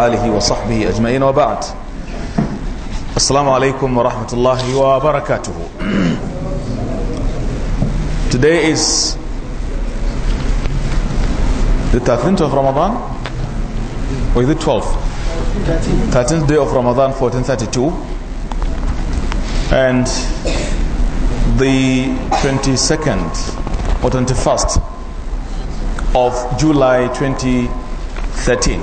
آله وصحبه أجمعين وبعد السلام عليكم ورحمة الله وبركاته Today is the 13th of Ramadan or is it 12th? 13th day of Ramadan 1432 and the 22nd or 21st of July 2013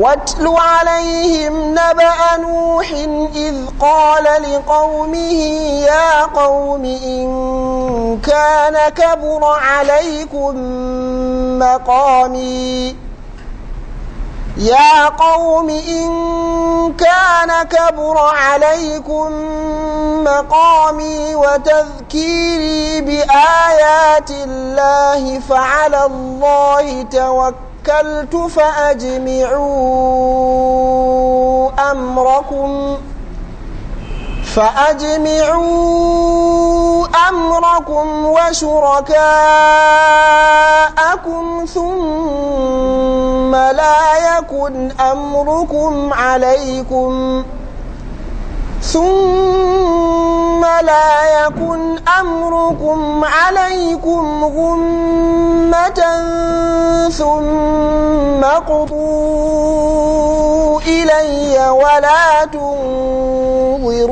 واتل عليهم نبأ نوح إذ قال لقومه يا قوم إن كان كبر عليكم مقامي يا قوم إن كان كبر عليكم مقامي وتذكيري بآيات الله فعلى الله توكل توكلت فَأَجْمِعُوا أَمْرَكُمْ فَأَجْمِعُوا أَمْرَكُمْ وَشُرَكَاءَكُمْ ثُمَّ لَا يَكُنْ أَمْرُكُمْ عَلَيْكُمْ ثم لا يكن أمركم عليكم غمة ثم قضوا إلي ولا تنظرون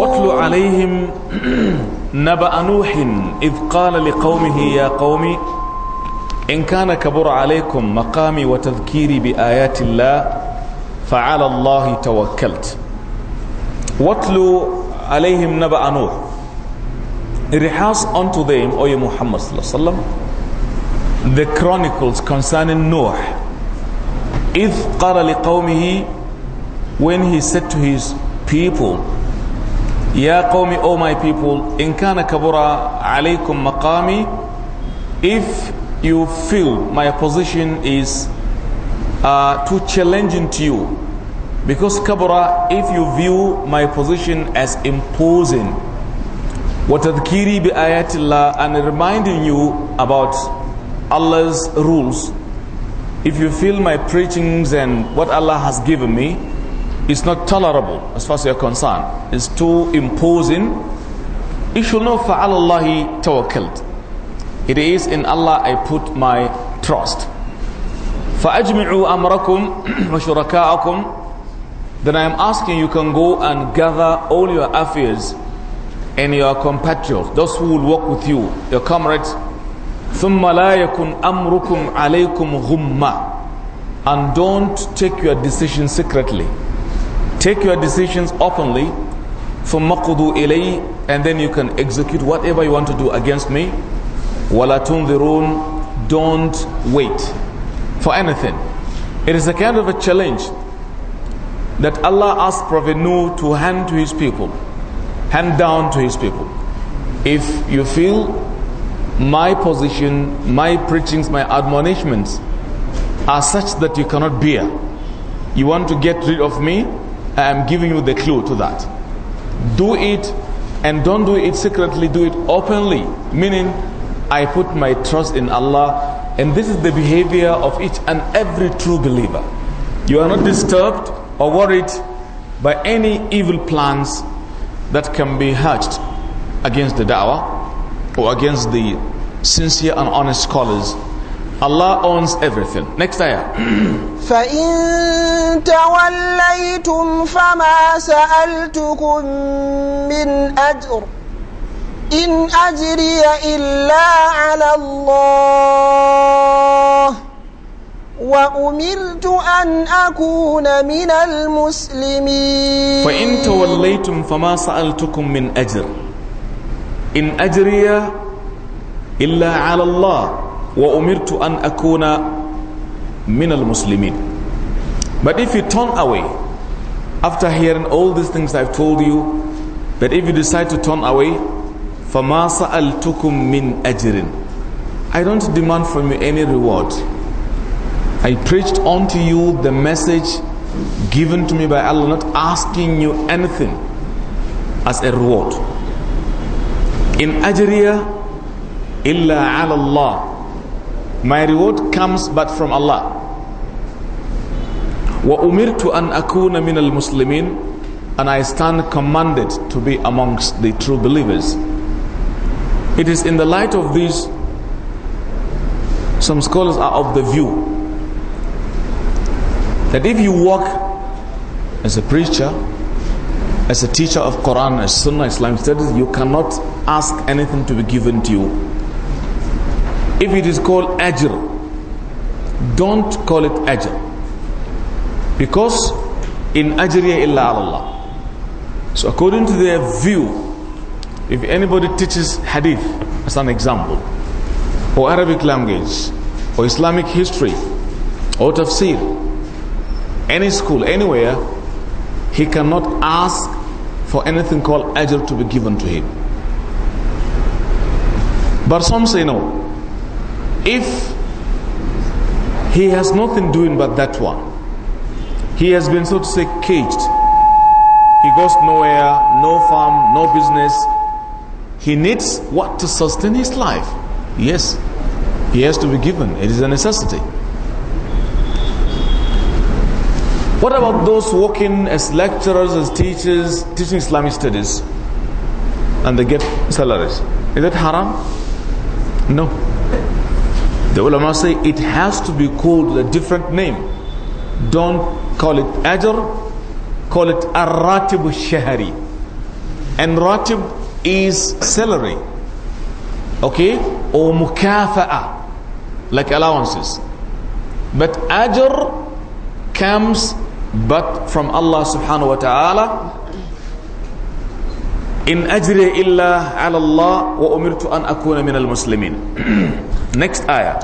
واتل عليهم نبأ نوح إذ قال لقومه يا قوم إن كان كبر عليكم مقامي وتذكيري بآيات الله فعلى الله توكلت وَاتْلُوا alayhim naba anur. Rehearse unto them, O ye Muhammad the chronicles concerning Noah. إِذْ قَالَ لِقَوْمِهِ When he said to his people, Ya qawmi, O my people, in kana kabura alaykum maqami, if you feel my position is uh, too challenging to you, because kabura, if you view my position as imposing, watadkiri bi ayatillah and reminding you about Allah's rules, if you feel my preachings and what Allah has given me, it's not tolerable as far as you're concerned. It's too imposing. You should know fa'alallahi tawakkalt. It is in Allah I put my trust. فَأَجْمِعُوا أَمْرَكُمْ وَشُرَكَاءَكُمْ then I am asking you can go and gather all your affairs and your compatriots, those who will work with you, your comrades. ثُمَّ لَا يَكُنْ أَمْرُكُمْ عَلَيْكُمْ غُمَّةً And don't take your decisions secretly. Take your decisions openly. ثُمَّ قُضُوا إِلَيْهِ And then you can execute whatever you want to do against me. وَلَا تُنْذِرُونَ Don't wait for anything. It is a kind of a challenge that Allah asked Prophet Nuh to hand to his people, hand down to his people. If you feel my position, my preachings, my admonishments are such that you cannot bear, you want to get rid of me, I am giving you the clue to that. Do it and don't do it secretly, do it openly, meaning I put my trust in Allah and this is the behavior of each and every true believer. You are not disturbed or worried by any evil plans that can be hatched against the da'wah or against the sincere and honest scholars. Allah owns everything. Next ayah. فَإِن تَوَلَّيْتُمْ فَمَا سَأَلْتُكُم مِّنْ أَجْرٍ إِنْ أَجْرِيَ إِلَّا عَلَى اللَّهِ وأمرت أن أكون من المسلمين فإن توليتم فما سألتكم من أجر إن أجري إلا على الله وأمرت أن أكون من المسلمين But if you turn away after hearing all these things I've told you, but if you decide to turn away, فَمَا سَأَلْتُكُم مِّنْ أَجْرٍ I don't demand from you any reward. I preached unto you the message given to me by Allah, not asking you anything as a reward. In Ajriya, illa ala Allah. My reward comes but from Allah. وأمرت أن أكون من muslimin, and I stand commanded to be amongst the true believers. It is in the light of this some scholars are of the view that if you work as a preacher, as a teacher of Quran, as Sunnah, Islamic studies, you cannot ask anything to be given to you. If it is called ajr, don't call it ajr. Because in ajriya illa Allah. So according to their view, if anybody teaches hadith as an example, or Arabic language, or Islamic history, or tafsir, any school, anywhere, he cannot ask for anything called ajr to be given to him. But some say no. If he has nothing doing but that one, he has been, so to say, caged. He goes nowhere, no farm, no business. He needs what to sustain his life. Yes, he has to be given. It is a necessity. What about those working as lecturers, as teachers, teaching Islamic studies, and they get salaries? Is that haram? No. The ulama say it has to be called a different name. Don't call it ajr, call it aratib ratib shahari. And ratib is salary. Okay? Or mukafa'a, like allowances. But ajr comes but from Allah subhanahu wa ta'ala in ajri illa ala Allah wa umirtu an akuna minal al-muslimin next ayah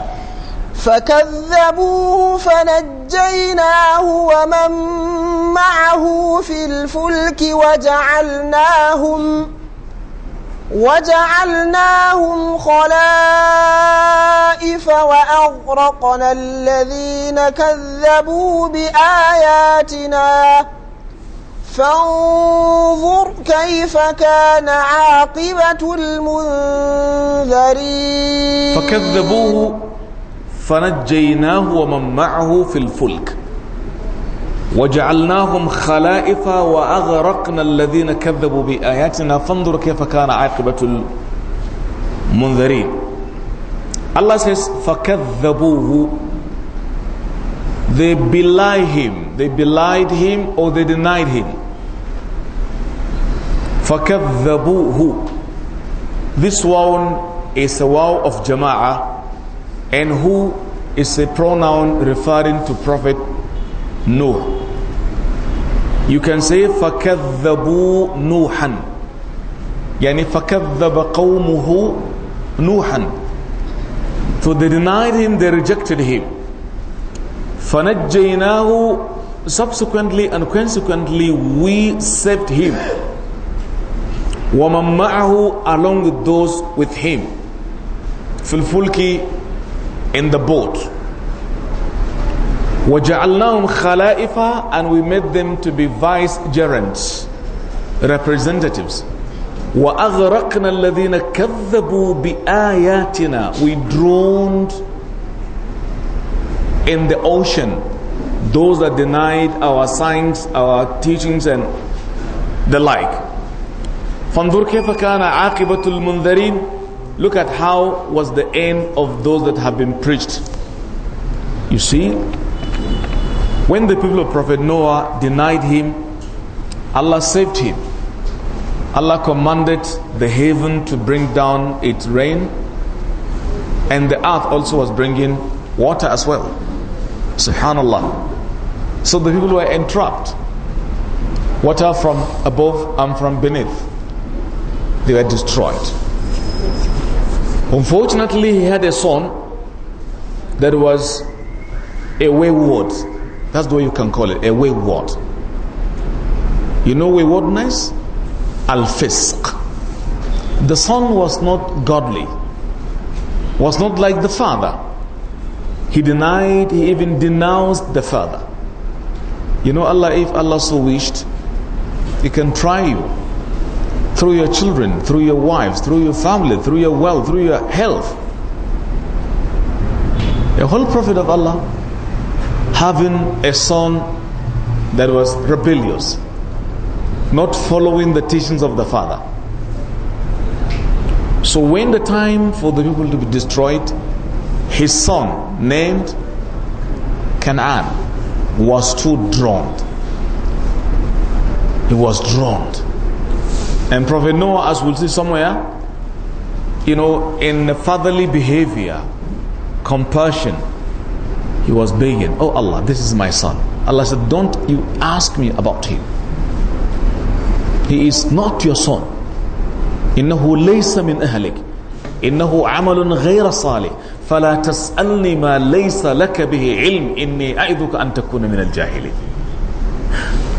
فكذبوه فنجيناه ومن معه في الفلك وجعلناهم وجعلناهم خلائف وأغرقنا الذين كذبوا بآياتنا فانظر كيف كان عاقبة المنذرين فكذبوه فنجيناه ومن معه في الفلك وجعلناهم خلائف وأغرقنا الذين كذبوا بآياتنا فانظر كيف كان عاقبة المنذرين Allah says فكذبوه they belie him they belied him or they denied him فكذبوه this one is a wow of jama'ah and who is a pronoun referring to prophet Noah You can say فَكَذَّبُوا نُوحًا يعني فَكَذَّبَ قَوْمُهُ نُوحًا So they denied him, they rejected him. فَنَجَّيْنَاهُ Subsequently and consequently, we saved him. وَمَنْ مَعَهُ Along with those with him. فِي الْفُلْكِ In the boat. وَجَعَلْنَاهُمْ And we made them to be vicegerents, representatives. وَأَغْرَقْنَا الَّذِينَ كَذَّبُوا بِآيَاتِنَا We drowned in the ocean those that denied our signs, our teachings and the like. فانظر كيف كان عاقبة المنذرين Look at how was the end of those that have been preached. You see, when the people of Prophet Noah denied him, Allah saved him. Allah commanded the heaven to bring down its rain, and the earth also was bringing water as well. Subhanallah. So the people were entrapped. Water from above and from beneath. They were destroyed. Unfortunately, he had a son that was a wayward that's the way you can call it, a wayward. You know waywardness? Al-Fisq. The son was not godly, was not like the father. He denied, he even denounced the father. You know Allah, if Allah so wished, he can try you through your children, through your wives, through your family, through your wealth, through your health. The whole Prophet of Allah having a son that was rebellious, not following the teachings of the father. So when the time for the people to be destroyed, his son named Canaan was too drowned. He was drowned. And Prophet Noah, as we'll see somewhere, you know, in fatherly behavior, compassion, he was begging, Oh Allah, this is my son. Allah said, Don't you ask me about him. He is not your son. إنه ليس من أهلك إنه عمل غير صالح فلا تسألني ما ليس لك به علم إني أعذك أن تكون من jahili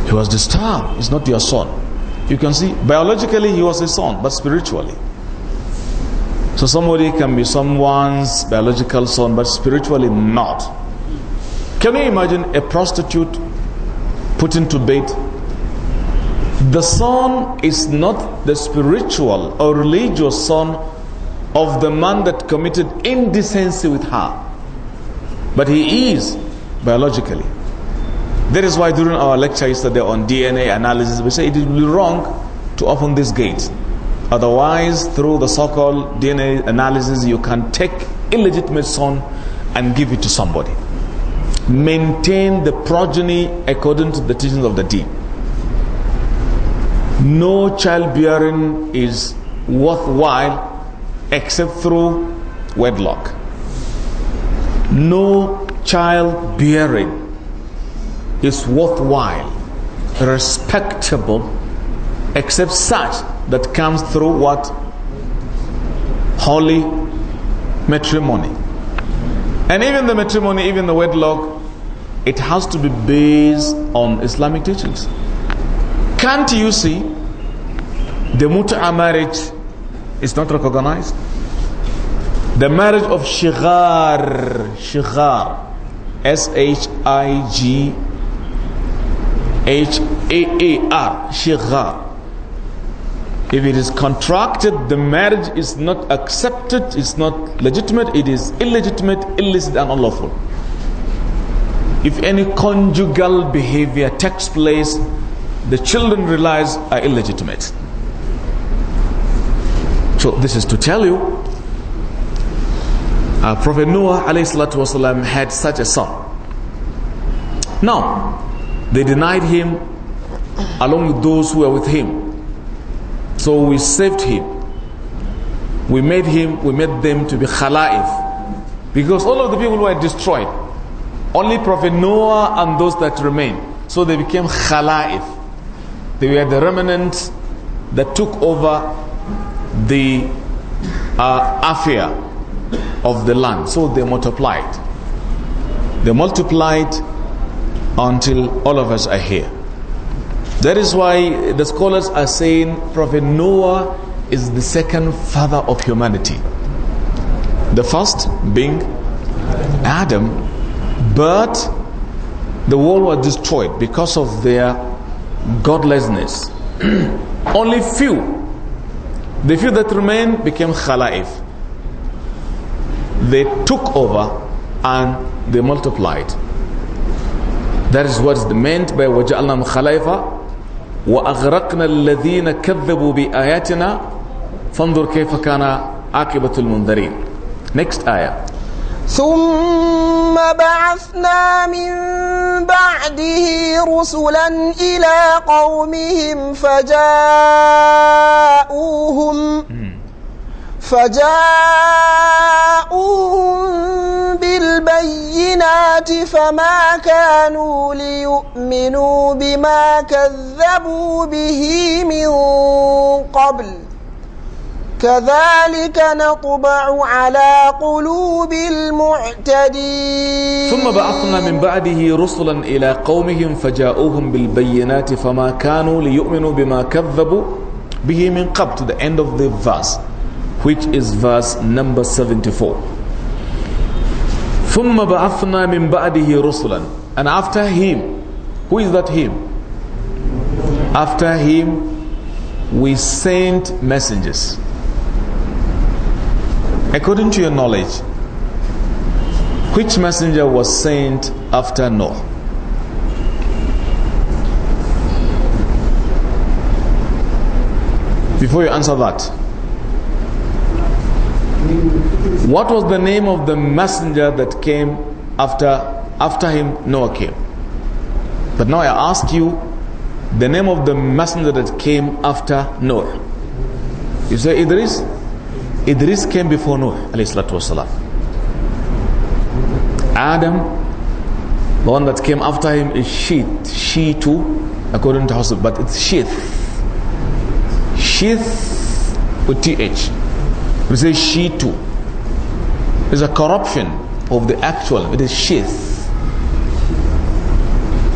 He was disturbed. He's not your son. You can see, biologically he was his son, but spiritually. So somebody can be someone's biological son, but spiritually not. Can you imagine a prostitute putting to bed? The son is not the spiritual or religious son of the man that committed indecency with her. But he is biologically. That is why during our lecture yesterday on DNA analysis, we say it would be wrong to open this gate. Otherwise, through the so-called DNA analysis, you can take illegitimate son and give it to somebody maintain the progeny according to the teachings of the deen. No childbearing is worthwhile except through wedlock. No childbearing is worthwhile, respectable, except such that comes through what? Holy matrimony. And even the matrimony, even the wedlock, it has to be based on Islamic teachings. Can't you see the muta'a marriage is not recognized? The marriage of shigar shigar, S-H-I-G H-A-A-R, shigar. If it is contracted, the marriage is not accepted, it's not legitimate, it is illegitimate, illicit and unlawful if any conjugal behavior takes place, the children realize are illegitimate. So this is to tell you, uh, Prophet Noah والسلام, had such a son. Now, they denied him along with those who were with him. So we saved him. We made him, we made them to be khala'if. Because all of the people were destroyed. Only Prophet Noah and those that remained. So they became khala'if. They were the remnants that took over the uh, affair of the land. So they multiplied. They multiplied until all of us are here. That is why the scholars are saying Prophet Noah is the second father of humanity. The first being Adam but the world was destroyed because of their godlessness. Only few, the few that remained became khala'if. They took over and they multiplied. That is what is meant by وَجَعَلْنَا خَلَيْفَ وَأَغْرَقْنَا الَّذِينَ كَذَّبُوا بِآيَاتِنَا فَانْظُرْ كَيْفَ كَانَ عَاقِبَةُ الْمُنذَرِينَ Next ayah. ثُمَّ بعثنا من بعده رسلا إلى قومهم فجاءوهم فجاءوهم بالبينات فما كانوا ليؤمنوا بما كذبوا به من قبل كذلك نطبع على قلوب المعتدين ثم بعثنا من بعده رسلا إلى قومهم فجاءوهم بالبينات فما كانوا ليؤمنوا بما كذبوا به من قبل to the end of the verse which is verse number 74 ثم بعثنا من بعده رسلا and after him who is that him after him we sent messengers According to your knowledge, which messenger was sent after Noah? Before you answer that, what was the name of the messenger that came after after him Noah came. But now I ask you the name of the messenger that came after Noah. You say Idris? Idris came before Nuh والسلام. Adam the one that came after him is sheet she too according to Hussein but it's sheath sheath with th we say she too a corruption of the actual it is sheath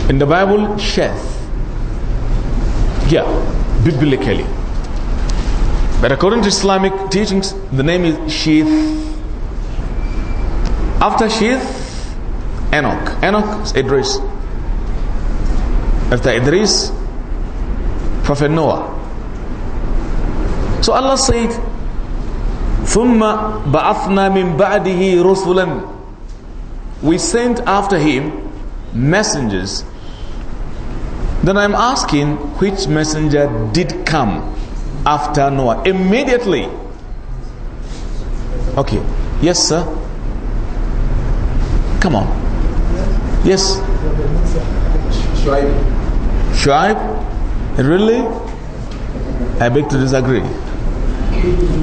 in the Bible sheath yeah biblically but according to Islamic teachings, the name is Sheath. After Sheath, Enoch. Enoch is Idris. After Idris, Prophet Noah. So Allah said, ثُمَّ ba'afna min بَعْدِهِ رُسُلًا We sent after him messengers. Then I'm asking, which messenger did come? after Noah. Immediately. Okay. Yes, sir. Come on. Yes. Tribe, tribe, Really? I beg to disagree.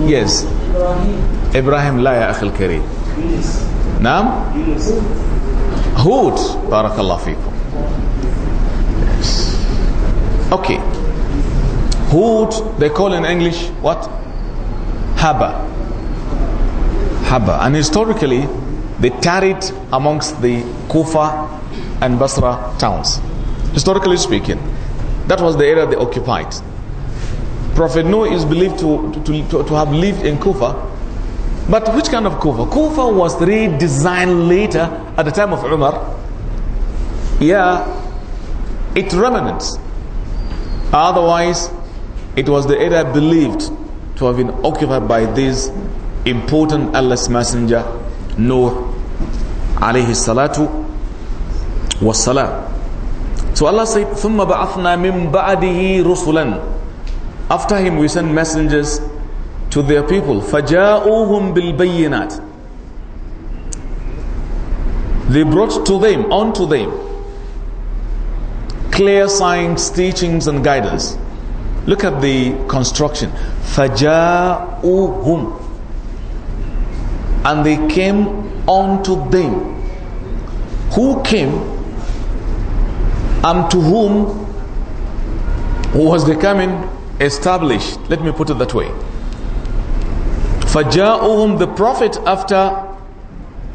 Yes. Ibrahim la ya akhil kareem. Naam? Hud. Barakallahu feekum. Yes. Okay. Hood, they call in English what? Haba. Haba. And historically, they tarried amongst the Kufa and Basra towns. Historically speaking, that was the area they occupied. Prophet Noah is believed to, to, to, to have lived in Kufa. But which kind of Kufa? Kufa was redesigned later at the time of Umar. Yeah, its remnants. Otherwise, it was the area believed to have been occupied by this important Allah's messenger, Noor, alayhi salatu was salam. So Allah said, ثُمَّ بَعَثْنَا مِن بَعْدِهِ رُسُلًا After him we sent messengers to their people. فَجَاءُوهُم بِالْبَيِّنَاتِ They brought to them, unto them, clear signs, teachings and guidance. Look at the construction. فَجَاءُهُمْ And they came unto them. Who came and to whom was the coming established? Let me put it that way. فَجَاءُهُمْ The prophet after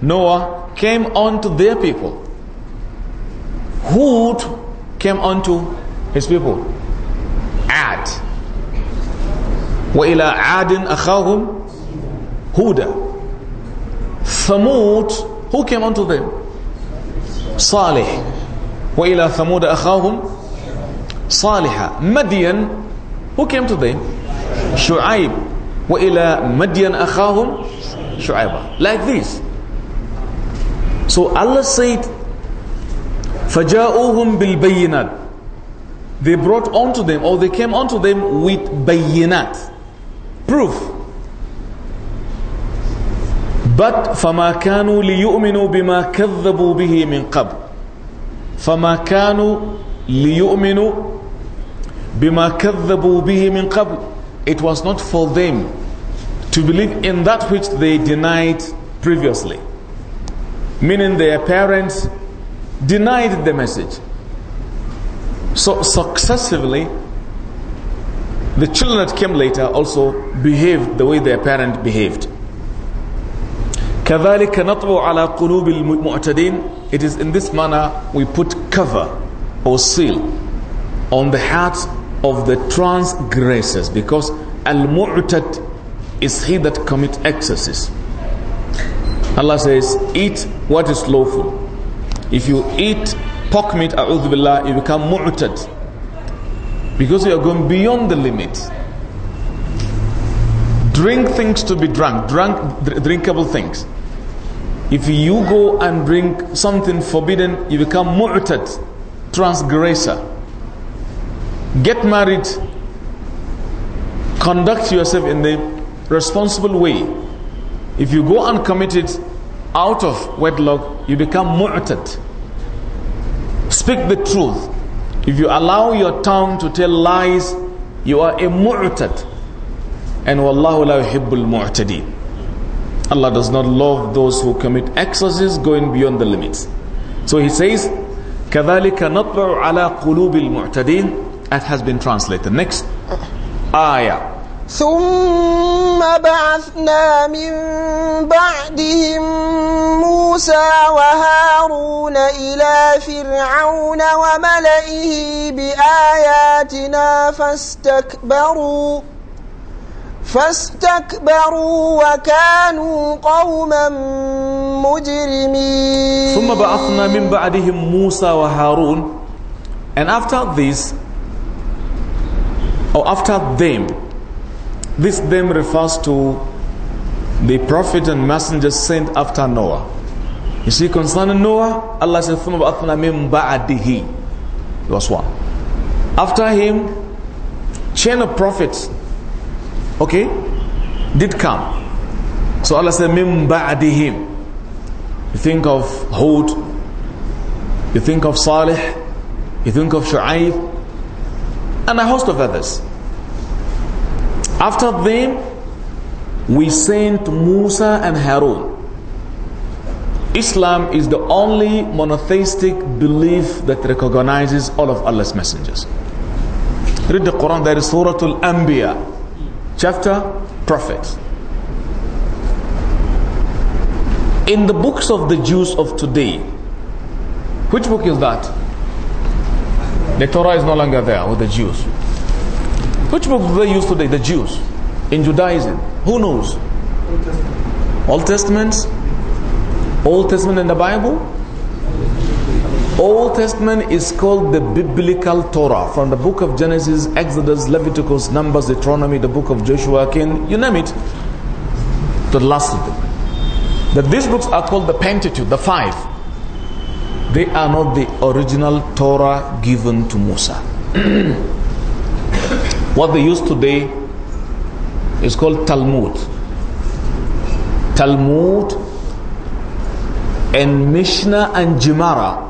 Noah came unto their people. Who came unto his people? وإلى عاد أخاهم هودا ثمود who came unto them صالح وإلى ثمود أخاهم صالحا مدين who came to them شعيب وإلى مدين أخاهم شعيبا like this so Allah said فجاءوهم بالبينات they brought unto them or they came unto them with bayinat proof. But فَمَا كَانُوا لِيُؤْمِنُوا بِمَا كَذَّبُوا بِهِ مِنْ قَبْلِ فَمَا كَانُوا لِيُؤْمِنُوا بِمَا كَذَّبُوا بِهِ مِنْ قَبْلِ It was not for them to believe in that which they denied previously. Meaning their parents denied the message. So successively, the children that came later also behaved the way their parent behaved. كَذَلِكَ نَطْبُ عَلَىٰ قُلُوبِ الْمُعْتَدِينَ It is in this manner we put cover or seal on the hearts of the transgressors because al-mu'tad is he that commits excesses. Allah says, eat what is lawful. If you eat pork meat, a'udhu billah, you become mu'tad because you are going beyond the limit. Drink things to be drunk, drunk drinkable things. If you go and drink something forbidden, you become mu'tad, transgressor. Get married, conduct yourself in the responsible way. If you go and commit it out of wedlock, you become mu'tad. Speak the truth, if you allow your tongue to tell lies, you are a mu'tad. And wallahu la yuhibbul mu'tadin. Allah does not love those who commit excesses going beyond the limits. So he says, كَذَلِكَ نَطْبَعُ عَلَىٰ قُلُوبِ الْمُعْتَدِينَ That has been translated. Next ayah. ثم بعثنا من بعدهم موسى وهارون إلى فرعون وملئه بآياتنا فاستكبروا فاستكبروا وكانوا قوما مجرمين ثم بعثنا من بعدهم موسى وهارون and after this or after them This them refers to the prophet and messenger sent after Noah. You see, concerning Noah, Allah said, "Thumma ba'athna min ba'dihi." Verse one. After him, chain of prophets, okay, did come. So Allah said, "Min ba'dihim." You think of Hud, you think of Salih, you think of Shu'aib, and a host of others. After them, we sent Musa and Harun. Islam is the only monotheistic belief that recognizes all of Allah's messengers. Read the Quran, there is Surah Al-Anbiya, chapter Prophet. In the books of the Jews of today, which book is that? The Torah is no longer there with the Jews. Which book do they use today? The Jews in Judaism. Who knows? Old Testament. Old Testament in the Bible. Old Testament is called the biblical Torah from the book of Genesis, Exodus, Leviticus, Numbers, Deuteronomy, the book of Joshua, King, you name it, the last of them. That these books are called the Pentateuch, the five. They are not the original Torah given to Musa. What they use today is called Talmud. Talmud and Mishnah and Gemara.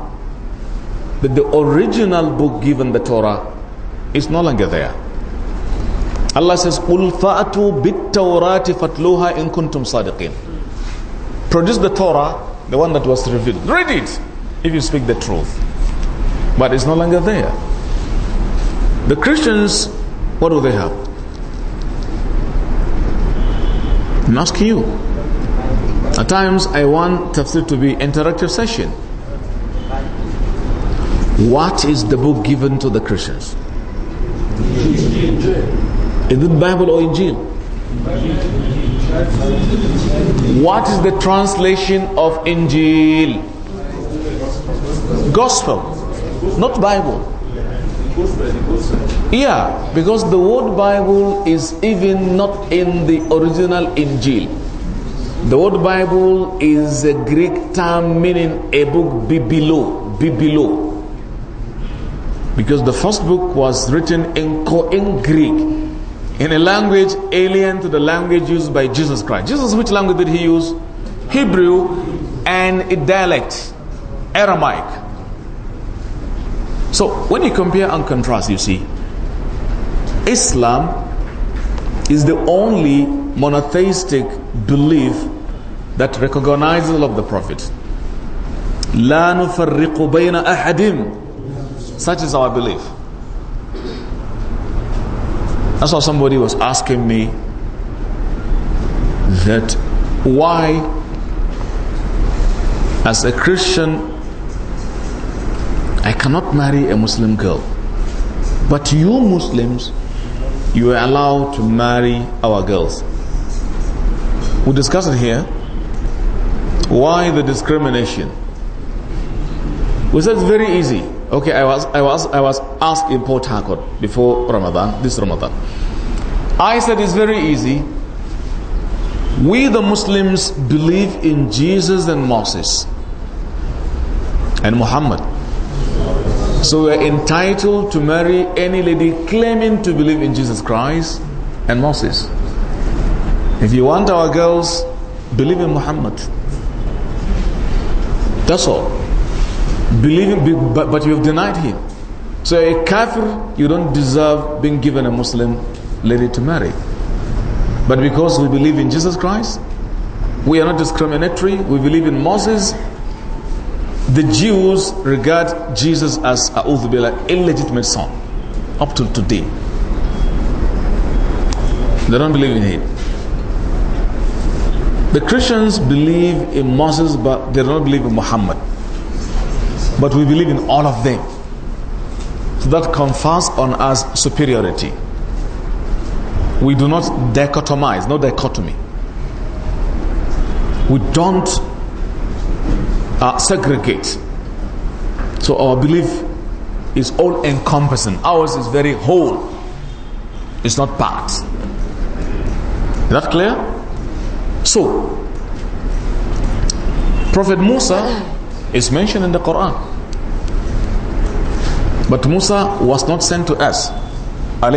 But the original book given the Torah is no longer there. Allah says, قُلْ فَأْتُوا بِالتَّوْرَاتِ فَاتْلُوهَا إِن كُنْتُمْ Produce the Torah, the one that was revealed. Read it if you speak the truth. But it's no longer there. The Christians what do they have? I'm asking you. At times I want tafsir to be interactive session. What is the book given to the Christians? Is it Bible or Injil? What is the translation of Injil? Gospel, not Bible. Yeah, because the word Bible is even not in the original Injil. The word Bible is a Greek term meaning a book bibilo, bibilo. Because the first book was written in Koine Greek, in a language alien to the language used by Jesus Christ. Jesus, which language did he use? Hebrew and a dialect, Aramaic. So when you compare and contrast, you see, Islam is the only monotheistic belief that recognizes all of the Prophet. La نفرق بين ahadim, Such is our belief. That's why somebody was asking me that why as a Christian cannot marry a Muslim girl. But you Muslims, you are allowed to marry our girls. We discussed it here. Why the discrimination? We said it's very easy. Okay, I was I was I was asked in Port Harcourt before Ramadan, this Ramadan. I said it's very easy. We the Muslims believe in Jesus and Moses and Muhammad. So we are entitled to marry any lady claiming to believe in Jesus Christ and Moses. If you want our girls, believe in Muhammad. That's all. Believe in, but, but you've denied him. So a kafir, you don't deserve being given a Muslim lady to marry. But because we believe in Jesus Christ, we are not discriminatory, we believe in Moses, the Jews regard Jesus as a illegitimate son up to today. They don't believe in him. The Christians believe in Moses, but they don't believe in Muhammad. But we believe in all of them. So that confers on us superiority. We do not dichotomize, no dichotomy. We don't uh, segregate. So our belief is all encompassing. Ours is very whole. It's not part. Is that clear? So, Prophet Musa is mentioned in the Quran. But Musa was not sent to us, But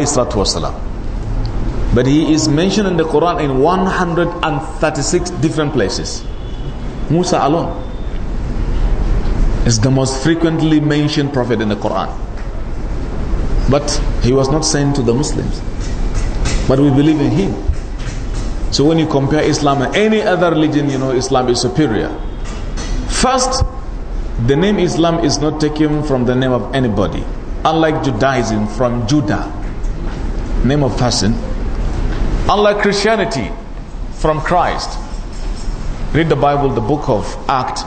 he is mentioned in the Quran in 136 different places. Musa alone is the most frequently mentioned prophet in the Quran. But he was not sent to the Muslims. But we believe in him. So when you compare Islam and any other religion, you know Islam is superior. First, the name Islam is not taken from the name of anybody. Unlike Judaism, from Judah, name of person. Unlike Christianity, from Christ. Read the Bible, the book of Acts,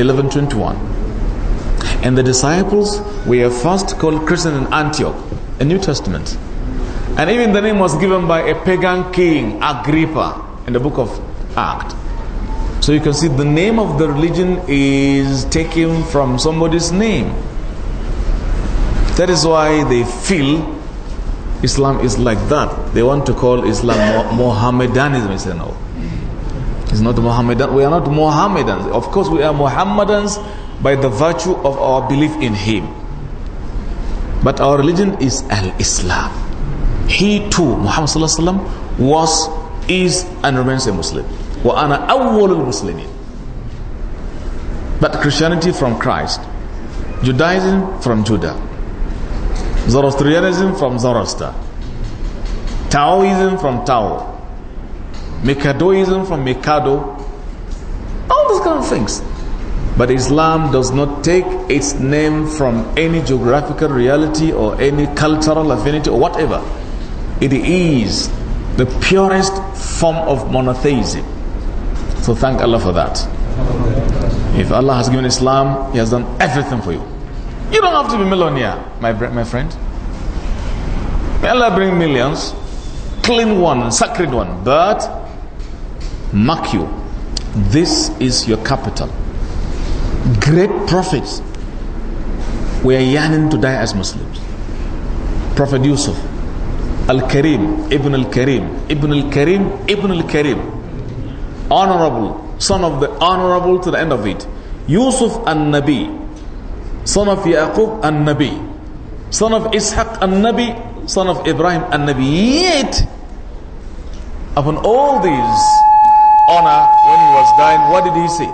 Eleven twenty-one, And the disciples were first called Christian in Antioch, a New Testament. And even the name was given by a pagan king, Agrippa, in the book of Acts. So you can see the name of the religion is taken from somebody's name. That is why they feel Islam is like that. They want to call Islam Mohammedanism. you say no is not Mohammedan. We are not Mohammedans. Of course, we are Mohammedans by the virtue of our belief in him. But our religion is Al-Islam. He too, Muhammad was, is, and remains a Muslim. وَأَنَا أَوَّلُ Muslimin. But Christianity from Christ, Judaism from Judah, Zoroastrianism from Zoroaster, Taoism from Tao, Mikadoism from Mikado, all those kind of things. But Islam does not take its name from any geographical reality or any cultural affinity or whatever. It is the purest form of monotheism. So thank Allah for that. If Allah has given Islam, He has done everything for you. You don't have to be millionaire, my, my friend. May Allah bring millions, clean one, sacred one, but Mark you, this is your capital. Great prophets We are yearning to die as Muslims. Prophet Yusuf, Al-Karim, Ibn Al-Karim, Ibn Al-Karim, Ibn Al-Karim. Honorable, son of the honorable to the end of it. Yusuf An-Nabi, son of Yaqub An-Nabi, son of Ishaq An-Nabi, son of Ibrahim An-Nabi. Yet, upon all these, honor when he was dying, what did he say?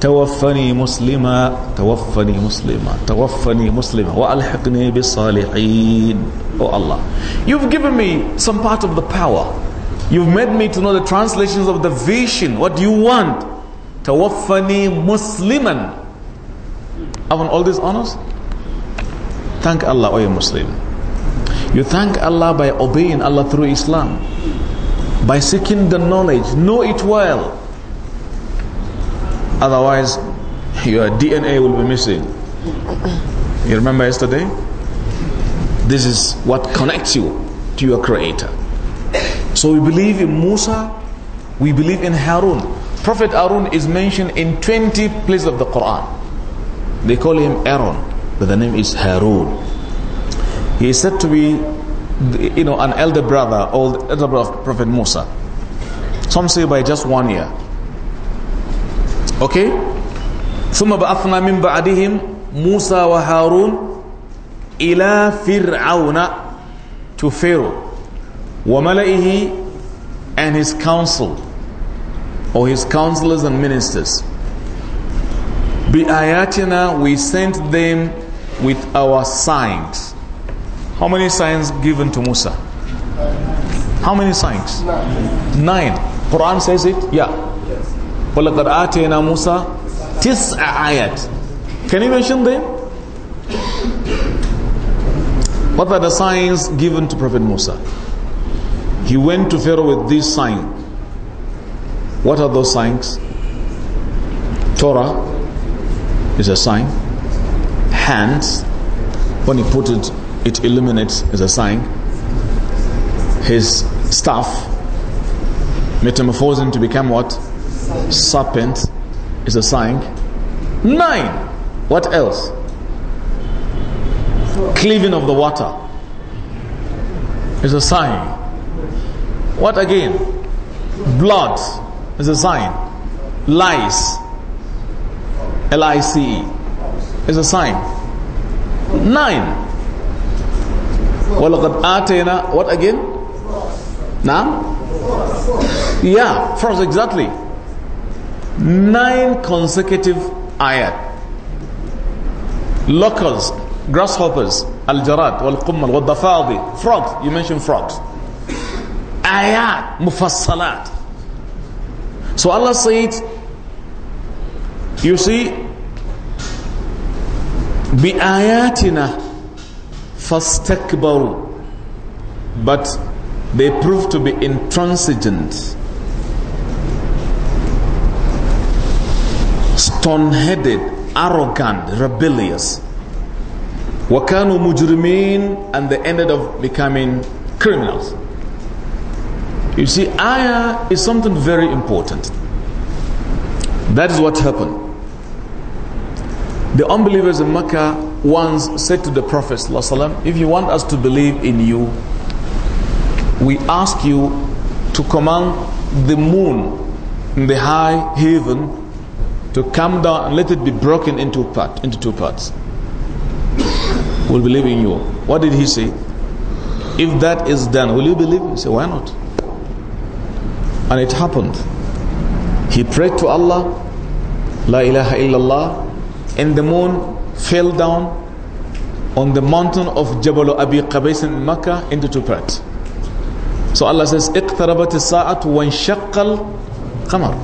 توفني مسلما توفني مسلما توفني مسلما وألحقني بالصالحين Oh You've given me some part of the power You've made me to know the translations of the vision What do you want? Tawaffani Musliman. I want all these honors? Thank Allah, O oh, Muslim. You thank Allah by obeying Allah through Islam, by seeking the knowledge, know it well. Otherwise, your DNA will be missing. You remember yesterday? This is what connects you to your Creator. So we believe in Musa, we believe in Harun, Prophet Aaron is mentioned in 20 places of the Quran. They call him Aaron, but the name is Harun. He is said to be, you know, an elder brother, old elder brother of Prophet Musa. Some say by just one year. Okay? ثم بعثنا من بعدهم موسى وهارون إلى فرعون to Pharaoh وملئه and his council or his counselors and ministers. ayatina we sent them with our signs. How many signs given to Musa? How many signs? Nine. Nine. Quran says it? Yeah. وَلَقَدْ Musa, مُوسَى ayat. Can you mention them? What are the signs given to Prophet Musa? He went to Pharaoh with this sign. What are those signs? Torah is a sign. Hands, when he put it, it illuminates is a sign. His staff, metamorphosing to become what? Serpent is a sign. Nine. What else? Cleaving of the water is a sign. What again? Blood is a sign. Lice. L-I-C-E. Is a sign. Nine. وَلَقَدْ آتَيْنَا What again? Now? Yeah, first exactly. Nine consecutive ayat. Locusts, grasshoppers, al-jarat, wal-qummal, wal-dafadi, frogs. You mentioned frogs. Ayat, mufassalat. So Allah said, you see, بِآيَاتِنَا فَاسْتَكْبَرُوا But they proved to be intransigent, stone-headed, arrogant, rebellious. وَكَانُوا مُجْرِمِينَ And they ended up becoming criminals. You see, ayah is something very important. That is what happened. The unbelievers in Mecca once said to the Prophet, ﷺ, If you want us to believe in you, we ask you to command the moon in the high heaven to come down and let it be broken into part into two parts. We'll believe in you. What did he say? If that is done, will you believe? He said, Why not? And it happened. He prayed to Allah, La ilaha illallah, and the moon fell down on the mountain of Jabal Abi Qabais in Mecca into two parts. So Allah says, اقتربت الساعة وانشق القمر.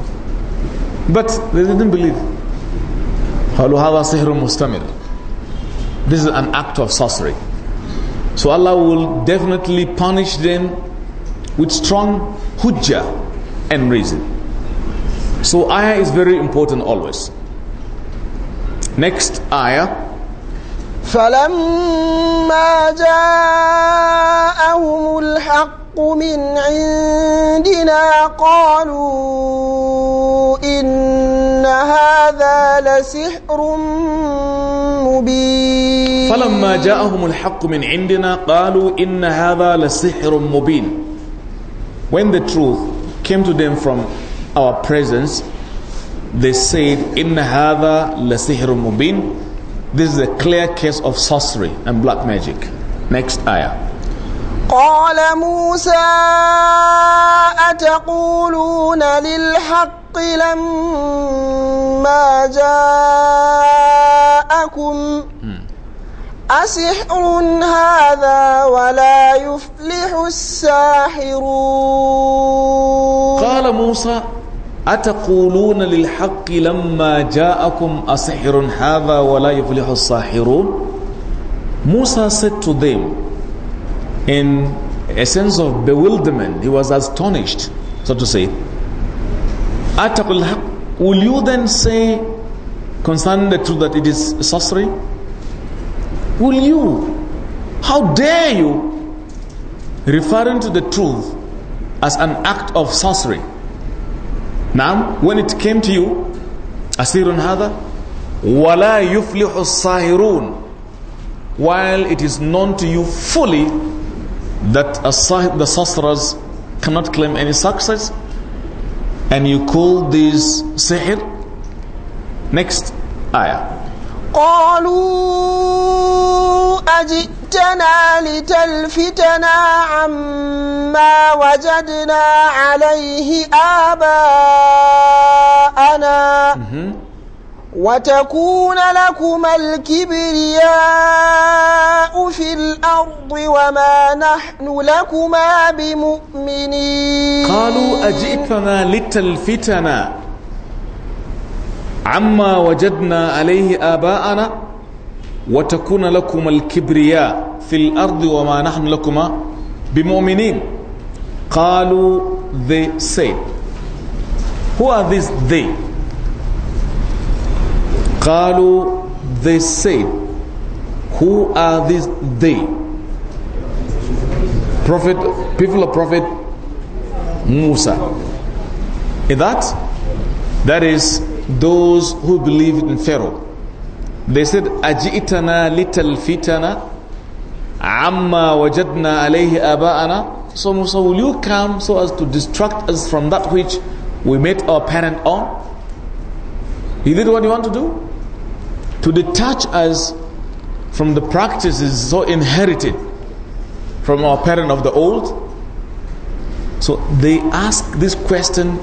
But they didn't believe. قالوا هذا سحر مستمر. This is an act of sorcery. So Allah will definitely punish them with strong hujjah and reason. So ayah is very important always. Next ayah. فلما جاءهم الحق من عندنا قالوا إن هذا لسحر مبين فلما جاءهم الحق من عندنا قالوا إن هذا لسحر مبين When the truth came to them from our presence, they said, Inna hadha lasihrun mubin. This is a clear case of sorcery and black magic. Next ayah. قال موسى أتقولون للحق لما جاءكم أسحر هذا ولا يفلح الساحرون قال موسى أتقولون للحق لما جاءكم أسحر هذا ولا يفلح الساحرون موسى said to them in a sense of bewilderment he was astonished so to say أتقول الحق will you then say concerning the truth that it is sorcery Will you, how dare you, referring to the truth as an act of sorcery? Now, when it came to you, أسير هذا ولا يفلح الصاهرون while it is known to you fully that the sorcerers cannot claim any success and you call this sihr next ayah قالوا أجئتنا لتلفتنا عما وجدنا عليه آباءنا وتكون لكما الكبرياء في الأرض وما نحن لكما بمؤمنين قالوا أجئتنا لتلفتنا عما وجدنا عليه آباءنا وتكون لكم الكبرياء في الأرض وما نحن لكم بمؤمنين قالوا they said who are these they قالوا they said who are these they prophet people of prophet Musa is that that is those who believed in Pharaoh They said, ajitana little fitana amma wajadna alayhi aba'ana. So Musa, will you come so as to distract us from that which we met our parent on? He did what you want to do? To detach us from the practices so inherited from our parent of the old. So they ask this question,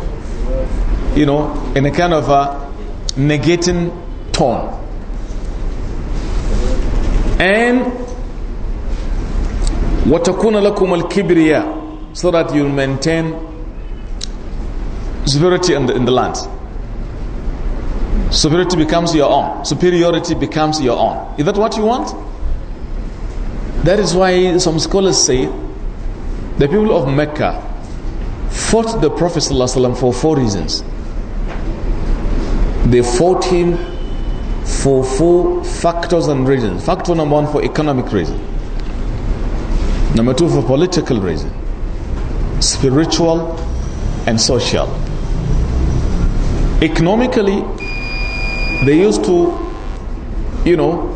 you know, in a kind of a negating tone. And وَتَكُونَ لَكُمَ kibriya So that you maintain superiority in the, in the land. Superiority becomes your own. Superiority becomes your own. Is that what you want? That is why some scholars say the people of Mecca fought the Prophet ﷺ for four reasons. They fought him for four factors and reasons. Factor number one for economic reason. Number two for political reason. Spiritual and social. Economically, they used to, you know,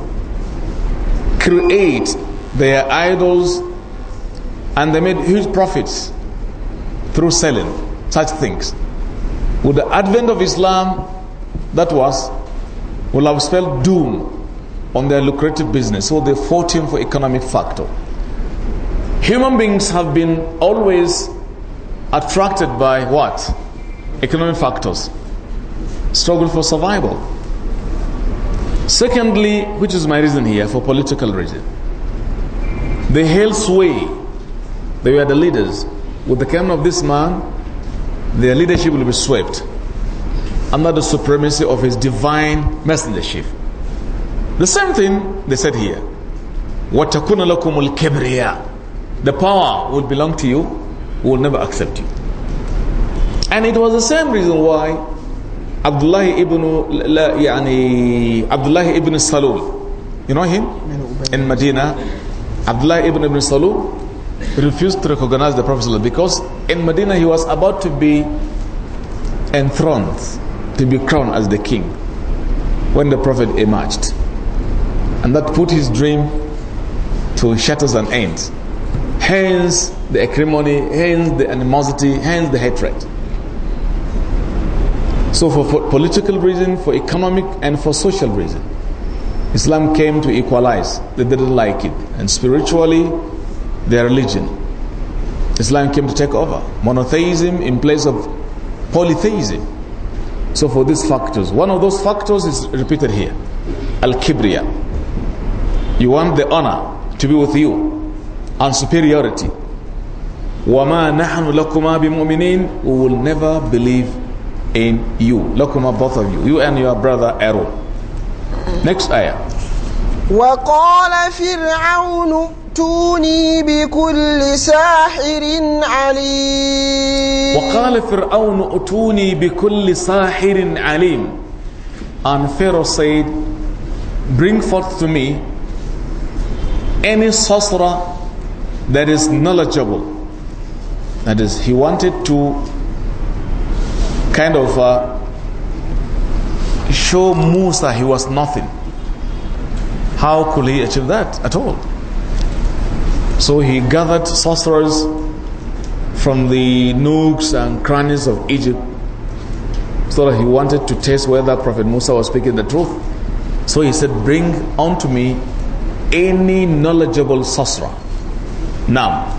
create their idols and they made huge profits through selling such things. With the advent of Islam, that was will have spelled doom on their lucrative business. So they fought him for economic factor. Human beings have been always attracted by what? Economic factors. Struggle for survival. Secondly, which is my reason here, for political reason. They held sway. They were the leaders. With the coming of this man, their leadership will be swept under the supremacy of his divine messengership. The same thing they said here. وَتَكُنَ لَكُمُ الْكِبْرِيَا The power will belong to you, will never accept you. And it was the same reason why Abdullah ibn, يعني, Abdullah ibn Salul, you know him? In Medina, Abdullah ibn ibn Salul refused to recognize the Prophet because in Medina he was about to be enthroned to be crowned as the king when the prophet emerged. And that put his dream to shatters and ends. Hence the acrimony, hence the animosity, hence the hatred. So for, for political reason, for economic and for social reason, Islam came to equalize. They didn't like it. And spiritually, their religion. Islam came to take over. Monotheism in place of polytheism. So for these factors, one of those factors is repeated here. Al-Kibriya. You want the honor to be with you and superiority. وَمَا نَحْنُ لَكُمَا بِمُؤْمِنِينَ We will never believe in you. لَكُمَا both of you. You and your brother Aaron. Next ayah. وقال فرعون ائتوني بكل ساحر عليم وقال فرعون ائتوني بكل ساحر عليم And Pharaoh said, bring forth to me any sorcerer that is knowledgeable. That is, he wanted to kind of uh, show Musa he was nothing. How could he achieve that at all? So he gathered sorcerers from the nooks and crannies of Egypt. So that he wanted to test whether Prophet Musa was speaking the truth. So he said, Bring unto me any knowledgeable sorcerer. Now,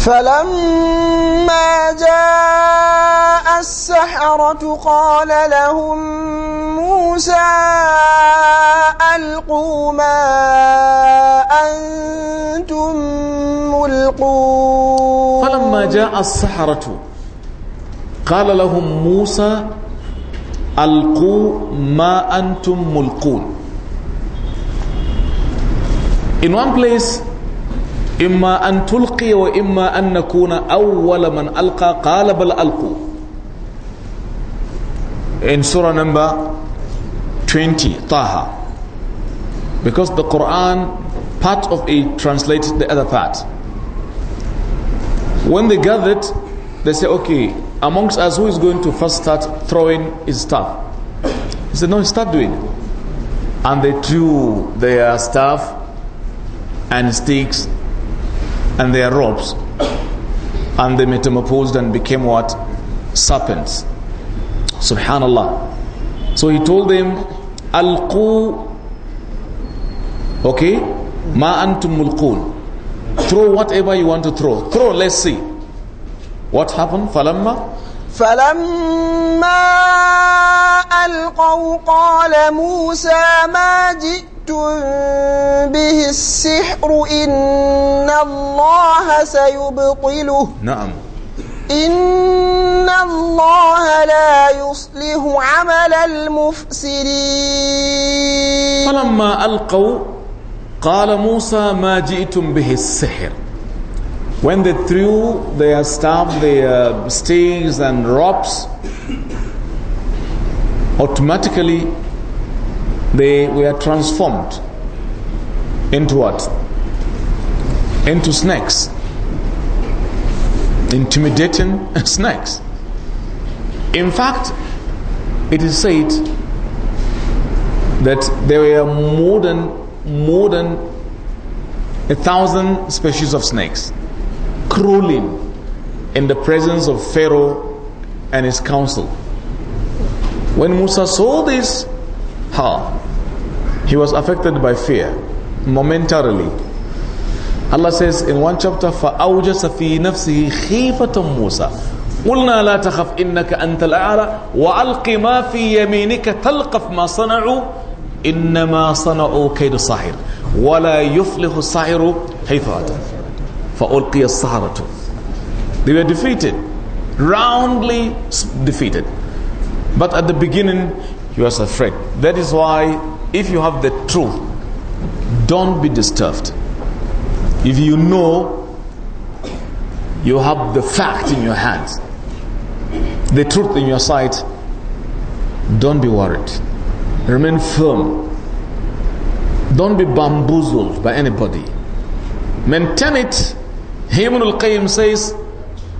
فلما جاء السحرة قال لهم موسى ألقوا ما يلقون فلما جاء السحرة قال لهم موسى ألقوا ما أنتم ملقون In one place إما أن تلقي وإما أن نكون أول من ألقى قال بل ألقوا in surah number 20 Taha because the Quran part of it translates the other part When they gathered, they said, okay, amongst us, who is going to first start throwing his staff? He said, no, start doing it. And they threw their staff and sticks and their ropes. And they metamorphosed and became what? Serpents. Subhanallah. So he told them, Alqu. Okay? Ma antum mulqun. Throw whatever you want to throw. Throw, let's see. What happened? فَلَمَّا فَلَمَّا أَلْقَوْا قَالَ مُوسَى مَا جِئْتُم بِهِ السِّحْرُ إِنَّ اللَّهَ سَيُبْطِلُهُ نعم إن الله لا يصلح عمل المفسدين فلما ألقوا قال موسى ما جئتم when they threw their staff, their uh, stakes and ropes, automatically they were transformed into what? Into snakes. Intimidating snakes. In fact, it is said that there were more than more than a thousand species of snakes crawling in the presence of Pharaoh and his council. When Musa saw this, ha, he was affected by fear momentarily. Allah says in one chapter, فَأَوْجَسَ فِي نَفْسِهِ خِيفَةً مُوسَى قلنا لا تخف إنك أنت الأعلى وألق ما في يمينك تلقف ما صنعوا إنما صنعوا كيد الساحر ولا يفلح الساحر حيث فألقي السحرة They were defeated, roundly defeated. But at the beginning, you was afraid. That is why if you have the truth, don't be disturbed. If you know, you have the fact in your hands, the truth in your sight, don't be worried. Remain firm. Don't be bamboozled by anybody. Maintain it. Ibn al-Qayyim says,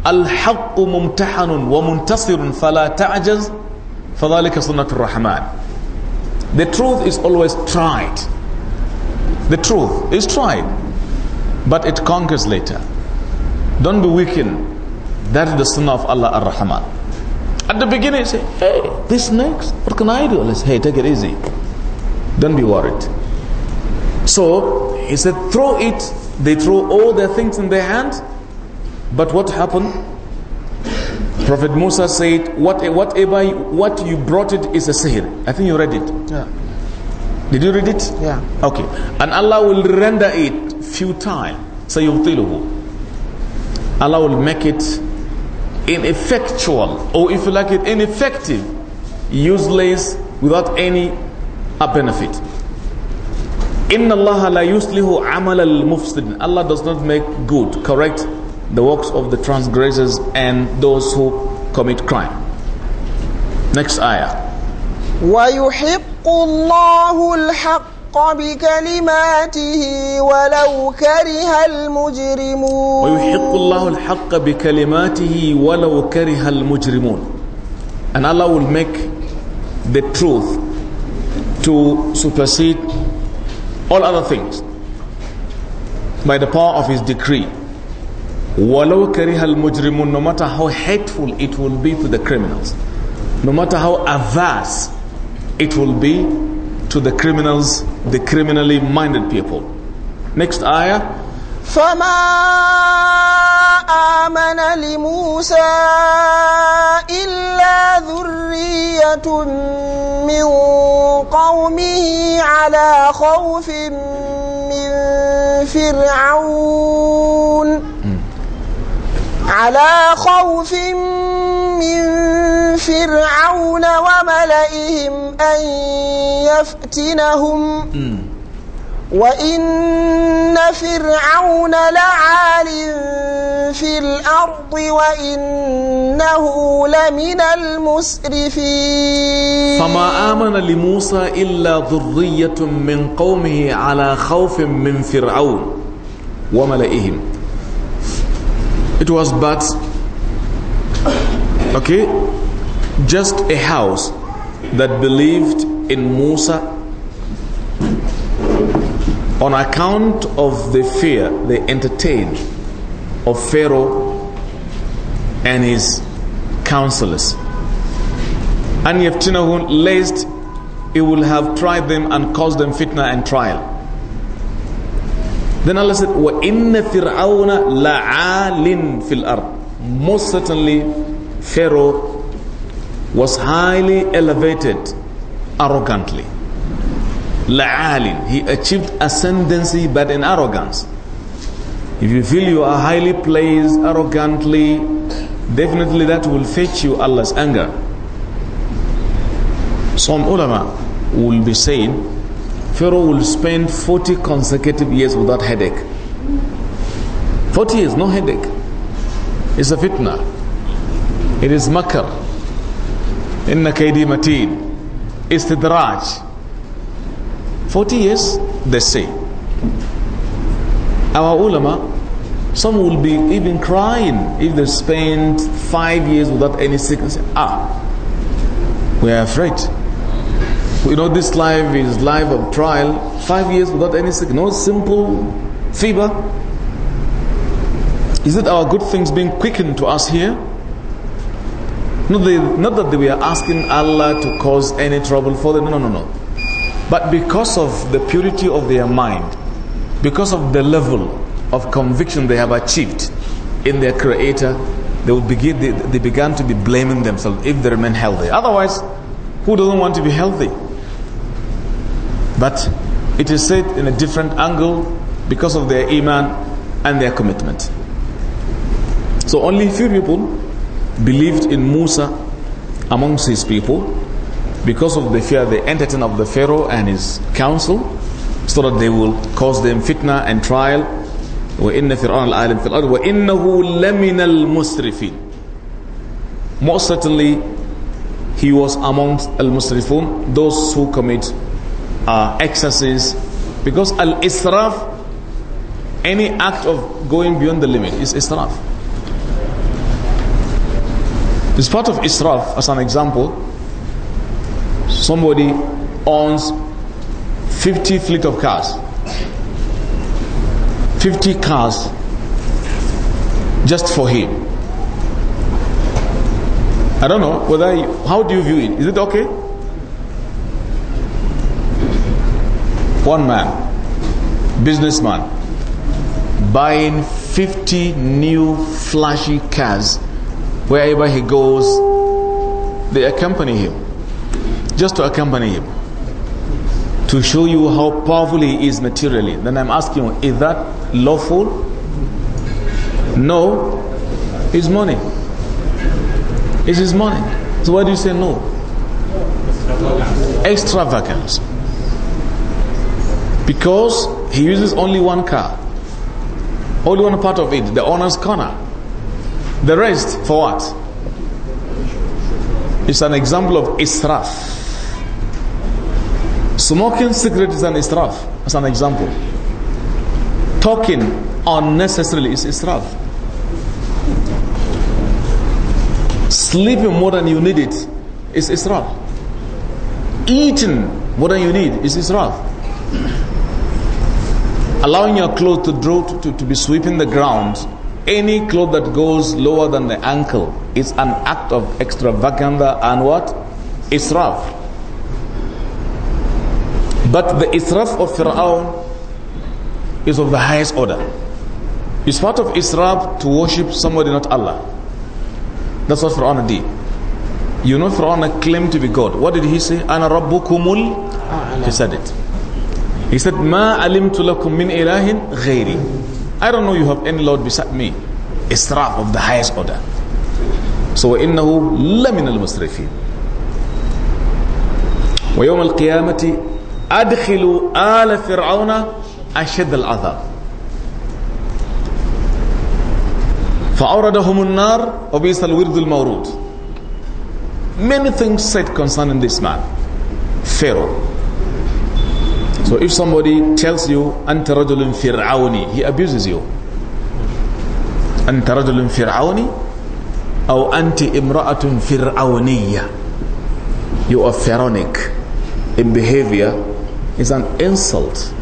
الحق ممتحن ومنتصر فلا تعجز فذلك سنة الرحمن The truth is always tried. The truth is tried, but it conquers later. Don't be weakened. That is the sunnah of Allah ar-Rahman. At the beginning, say, hey, this next, what can I do? Let's, hey, take it easy. Don't be worried. So he said, throw it. They throw all their things in their hand. But what happened? Prophet Musa said, what, whatever, what you brought it is a sihr. I think you read it. Yeah. Did you read it? Yeah. Okay. And Allah will render it futile. Sayyubtiluhu. you Allah will make it ineffectual or if you like it ineffective useless without any benefit inna allah la yuslihu amal al mufsidin allah does not make good correct the works of the transgressors and those who commit crime next ayah ويحق al الحق بكلماته ولو كره المجرمون ويحق الله الحق بكلماته ولو كره المجرمون and Allah will make the truth to supersede all other things by the power of his decree ولو كرِّهَ المُجرِمون. no matter how hateful it will be to the criminals no matter how averse it will be to the criminals, the criminally minded people. Next ayah. فما آمن لموسى إلا ذرية من قومه على خوف من فرعون على خوف من فرعون وملئهم أن يفتنهم وإن فرعون لعال في الأرض وإنه لمن المسرفين فما آمن لموسى إلا ذرية من قومه على خوف من فرعون وملئهم It was but, okay, just a house that believed in Musa on account of the fear they entertained of Pharaoh and his counselors. And yaftinahun, lest he will have tried them and caused them fitna and trial. Then Allah said, "Wa inna Fir'auna la'alin fil ard." Most certainly, Pharaoh was highly elevated, arrogantly. La'alin, he achieved ascendancy but in arrogance. If you feel you are highly placed, arrogantly, definitely that will fetch you Allah's anger. Some ulama will be saying Pharaoh will spend 40 consecutive years without headache. 40 years, no headache. It's a fitna. It is makar. Inna kaydi matid. Istidraj. 40 years, they say. Our ulama, some will be even crying if they spend five years without any sickness. Ah, we are afraid. You know, this life is life of trial. Five years without any sick, no simple fever. Is it our good things being quickened to us here? Not, they, not that they were asking Allah to cause any trouble for them. No, no, no, no. But because of the purity of their mind, because of the level of conviction they have achieved in their Creator, they, would begin, they, they began to be blaming themselves if they remain healthy. Otherwise, who doesn't want to be healthy? But it is said in a different angle because of their iman and their commitment. So only few people believed in Musa amongst his people because of the fear they entertain of the Pharaoh and his council so that they will cause them fitna and trial. وَإِنَّ فِرْعَوْنَ الْعَالِمِ فِي الْأَرْضِ وَإِنَّهُ لَمِنَ الْمُسْرِفِينَ Most certainly, he was amongst al-musrifun, those who commit uh, excesses because al israf any act of going beyond the limit is israf this part of israf as an example somebody owns 50 fleet of cars 50 cars just for him I don't know whether you, how do you view it? Is it okay? One man, businessman, buying 50 new flashy cars wherever he goes, they accompany him. Just to accompany him. To show you how powerful he is materially. Then I'm asking you, is that lawful? No. It's money. It's his money. So why do you say no? Extravagance. Because he uses only one car. Only one part of it, the owner's corner. The rest, for what? It's an example of israf. Smoking cigarette is an israf, as an example. Talking unnecessarily is israf. Sleeping more than you need it is israf. Eating more than you need is israf allowing your clothes to, draw, to, to, be sweeping the ground, any cloth that goes lower than the ankle is an act of extravaganza and what? Israf. But the Israf of Fir'aun is of the highest order. It's part of Israf to worship somebody, not Allah. That's what Fir'aun did. You know Fir'aun claimed to be God. What did he say? Ana Rabbukumul. He said it. He said, Ma alimtu lakum min ilahin ghairi. I don't know you have any Lord beside me. Israf of the highest order. So wa innahu al musrifin. وإنه لمن al ويوم القيامة أدخلوا آل فرعون al العذاب. فأوردهم النار وبئس الورد المورود. Many things said concerning this man. Pharaoh. So if somebody tells you, أنت رجل فرعوني, he abuses you. أنت رجل فرعوني أو أنت امرأة فرعونية. You are pharaonic in behavior is an insult.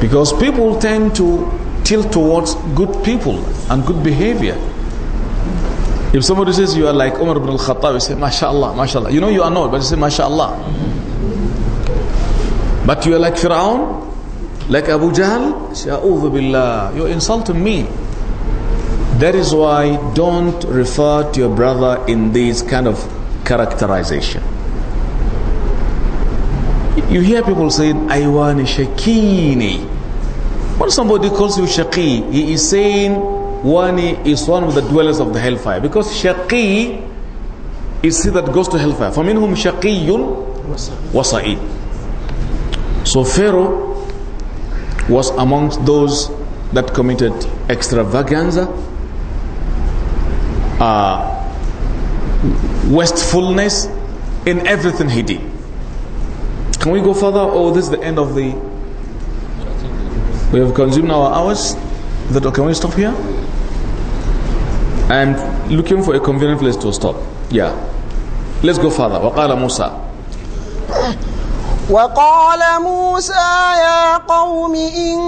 Because people tend to tilt towards good people and good behavior. If somebody says you are like Umar ibn al-Khattab, you say, MashaAllah, MashaAllah. You know you are not, but you say, MashaAllah. But you are like Fir'aun, like Abu Jahl, say, A'udhu Billah, you're insulting me. That is why don't refer to your brother in this kind of characterization. You hear people saying, Aywan Shakini. When somebody calls you Shaqi, he is saying, Wani is one of the dwellers of the hellfire. Because Shaqi is he that goes to hellfire. فَمِنْهُمْ شَقِيٌّ وَسَعِيٌّ so Pharaoh was amongst those that committed extravaganza, uh, wastefulness in everything he did. Can we go further? oh, this is the end of the... We have consumed our hours. Is that, can we stop here? I'm looking for a convenient place to stop. Yeah. Let's go further. وقال Musa. وقال موسى يا قوم إن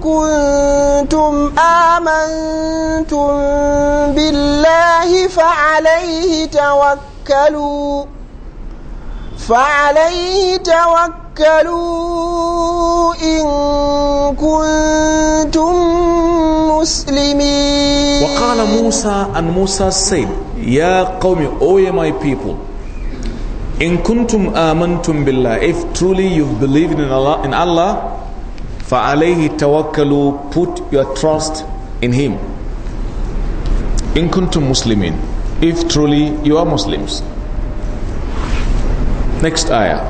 كنتم آمنتم بالله فعليه توكلوا فعليه توكلوا إن كنتم مسلمين وقال موسى and Musa said يا قوم O ye my people In kuntum amantum billah. If truly you've believed in Allah, in Allah, فَعَلَيْهِ تَوَكَّلُوا Put your trust in Him. In kuntum muslimin. If truly you are Muslims. Next ayah.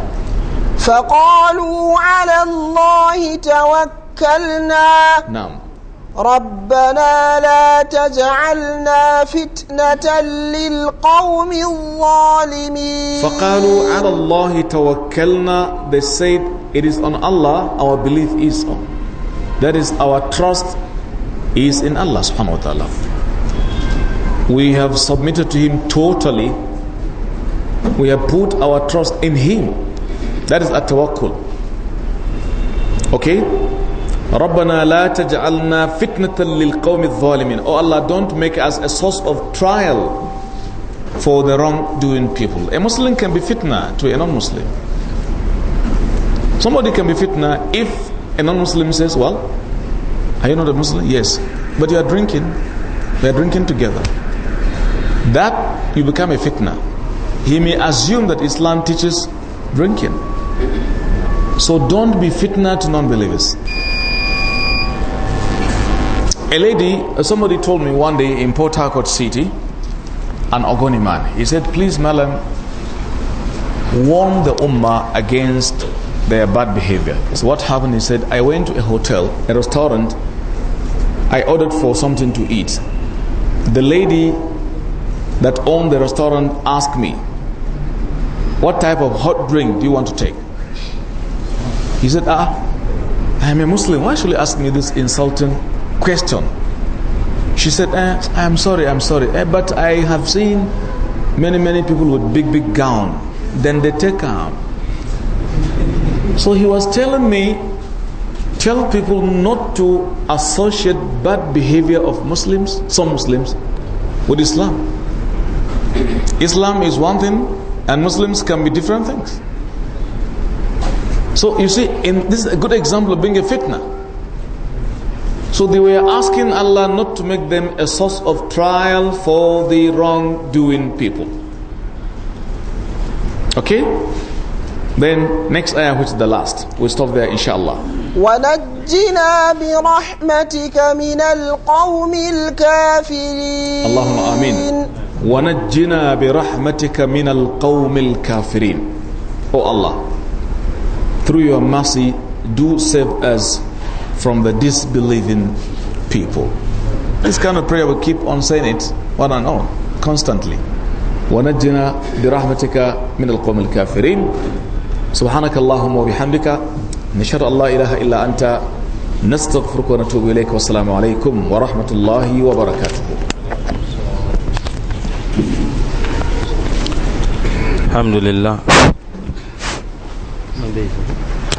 فقالوا على الله توكلنا نعم ربنا لا تجعلنا فتنة للقوم الظالمين فقالوا على الله توكلنا they said it is on Allah our belief is on that is our trust is in Allah subhanahu wa ta'ala we have submitted to him totally we have put our trust in him that is a tawakkul okay رَبَّنَا لَا تَجْعَلْنَا فِتْنَةً لِلْقَوْمِ الظَّالِمِينَ Oh Allah, don't make us a source of trial for the wrongdoing people. A Muslim can be fitna to a non-Muslim. Somebody can be fitna if a non-Muslim says, well, are you not a Muslim? Yes. But you are drinking. We are drinking together. That you become a fitna. He may assume that Islam teaches drinking. So don't be fitna to non-believers. A lady, uh, somebody told me one day in Port Harcourt City, an Ogoni man, he said, please, madam, warn the Ummah against their bad behavior. So what happened, he said, I went to a hotel, a restaurant, I ordered for something to eat. The lady that owned the restaurant asked me, what type of hot drink do you want to take? He said, ah, I'm a Muslim. Why should you ask me this insulting question. She said, eh, I'm sorry, I'm sorry, eh, but I have seen many, many people with big, big gown. Then they take out. So he was telling me, tell people not to associate bad behavior of Muslims, some Muslims, with Islam. Islam is one thing and Muslims can be different things. So you see, in, this is a good example of being a fitna. So they were asking Allah not to make them a source of trial for the wrongdoing people. Okay? Then next ayah which is the last. we will stop there inshallah. ونجنا برحمتك من القوم الكافرين اللهم آمين ونجنا برحمتك من القوم الكافرين Oh Allah, through your mercy, do save us from the disbelieving people. This kind of prayer we keep on saying it on and on, constantly. ونجنا برحمتك من القوم الكافرين سبحانك اللهم وبحمدك نشهد الله إله إلا أنت نستغفرك ونتوب إليك والسلام عليكم ورحمة الله وبركاته الحمد لله